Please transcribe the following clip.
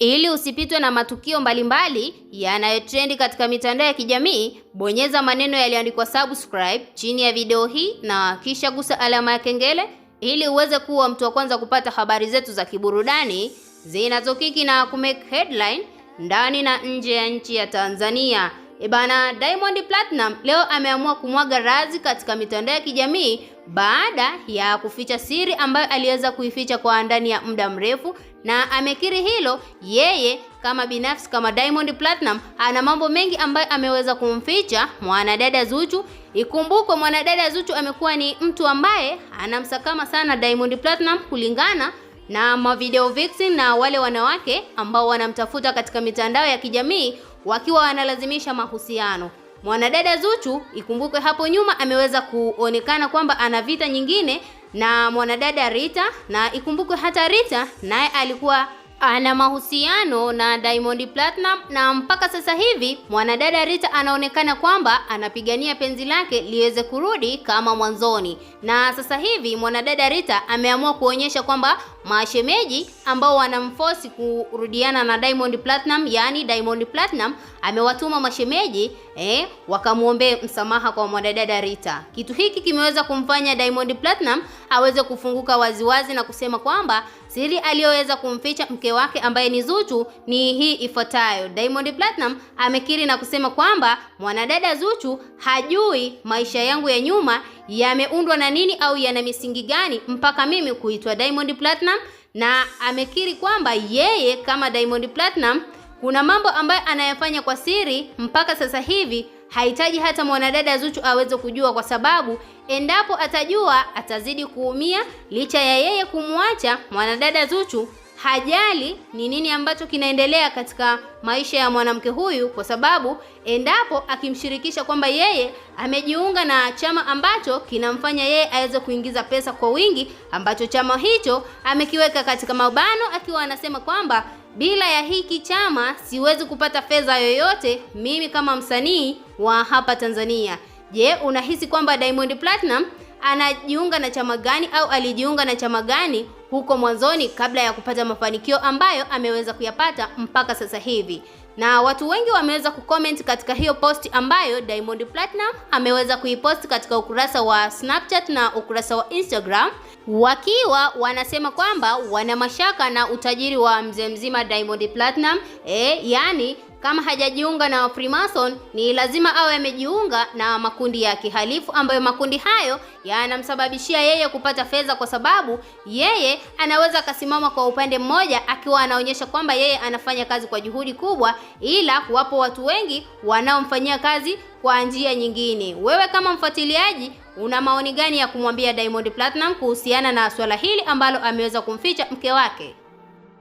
Ili usipitwe na matukio mbalimbali yanayotrendi katika mitandao ya kijamii, bonyeza maneno yaliyoandikwa subscribe chini ya video hii na kisha gusa alama ya kengele ili uweze kuwa mtu wa kwanza kupata habari zetu za kiburudani zinazokiki na kumake headline ndani na nje ya nchi ya Tanzania. Ebana, Diamond Platinum leo ameamua kumwaga razi katika mitandao ya kijamii baada ya kuficha siri ambayo aliweza kuificha kwa ndani ya muda mrefu na amekiri hilo yeye kama binafsi kama Diamond Platinum ana mambo mengi ambayo ameweza kumficha mwanadada Zuchu. Ikumbukwe mwanadada Zuchu amekuwa ni mtu ambaye anamsakama sana Diamond Platinum kulingana na mavideo vixen na wale wanawake ambao wanamtafuta katika mitandao ya kijamii wakiwa wanalazimisha mahusiano. Mwanadada Zuchu, ikumbukwe hapo nyuma ameweza kuonekana kwamba ana vita nyingine na mwanadada Rita, na ikumbukwe hata Rita naye alikuwa ana mahusiano na Diamond Platinum, na mpaka sasa hivi mwanadada Rita anaonekana kwamba anapigania penzi lake liweze kurudi kama mwanzoni, na sasa hivi mwanadada Rita ameamua kuonyesha kwamba mashemeji ambao wanamforce kurudiana na Diamond Platinum, yani Diamond Platinum amewatuma mashemeji eh, wakamwombee msamaha kwa mwanadada Rita. Kitu hiki kimeweza kumfanya Diamond Platinum aweze kufunguka waziwazi na kusema kwamba siri aliyoweza kumficha mke wake ambaye ni Zuchu ni hii ifuatayo. Diamond Platinum amekiri na kusema kwamba mwanadada Zuchu hajui maisha yangu ya nyuma yameundwa na nini au yana misingi gani mpaka mimi kuitwa Diamond Platinum, na amekiri kwamba yeye kama Diamond Platinum kuna mambo ambayo anayafanya kwa siri mpaka sasa hivi hahitaji hata mwanadada Zuchu aweze kujua, kwa sababu endapo atajua atazidi kuumia. Licha ya yeye kumwacha mwanadada Zuchu, hajali ni nini ambacho kinaendelea katika maisha ya mwanamke huyu, kwa sababu endapo akimshirikisha kwamba yeye amejiunga na chama ambacho kinamfanya yeye aweze kuingiza pesa kwa wingi, ambacho chama hicho amekiweka katika mabano, akiwa anasema kwamba bila ya hiki chama siwezi kupata fedha yoyote mimi kama msanii wa hapa Tanzania. Je, unahisi kwamba Diamond Platinum anajiunga na chama gani au alijiunga na chama gani huko mwanzoni kabla ya kupata mafanikio ambayo ameweza kuyapata mpaka sasa hivi. Na watu wengi wameweza kucomment katika hiyo posti ambayo Diamond Platinum ameweza kuiposti katika ukurasa wa Snapchat na ukurasa wa Instagram wakiwa wanasema kwamba wana mashaka na utajiri wa mzee mzima Diamond Platinum, e, yani kama hajajiunga na Freemason ni lazima awe amejiunga na makundi ya kihalifu ambayo makundi hayo yanamsababishia yeye kupata fedha, kwa sababu yeye anaweza akasimama kwa upande mmoja akiwa anaonyesha kwamba yeye anafanya kazi kwa juhudi kubwa, ila wapo watu wengi wanaomfanyia kazi kwa njia nyingine. Wewe kama mfuatiliaji una maoni gani ya kumwambia Diamond Platinum kuhusiana na swala hili ambalo ameweza kumficha mke wake?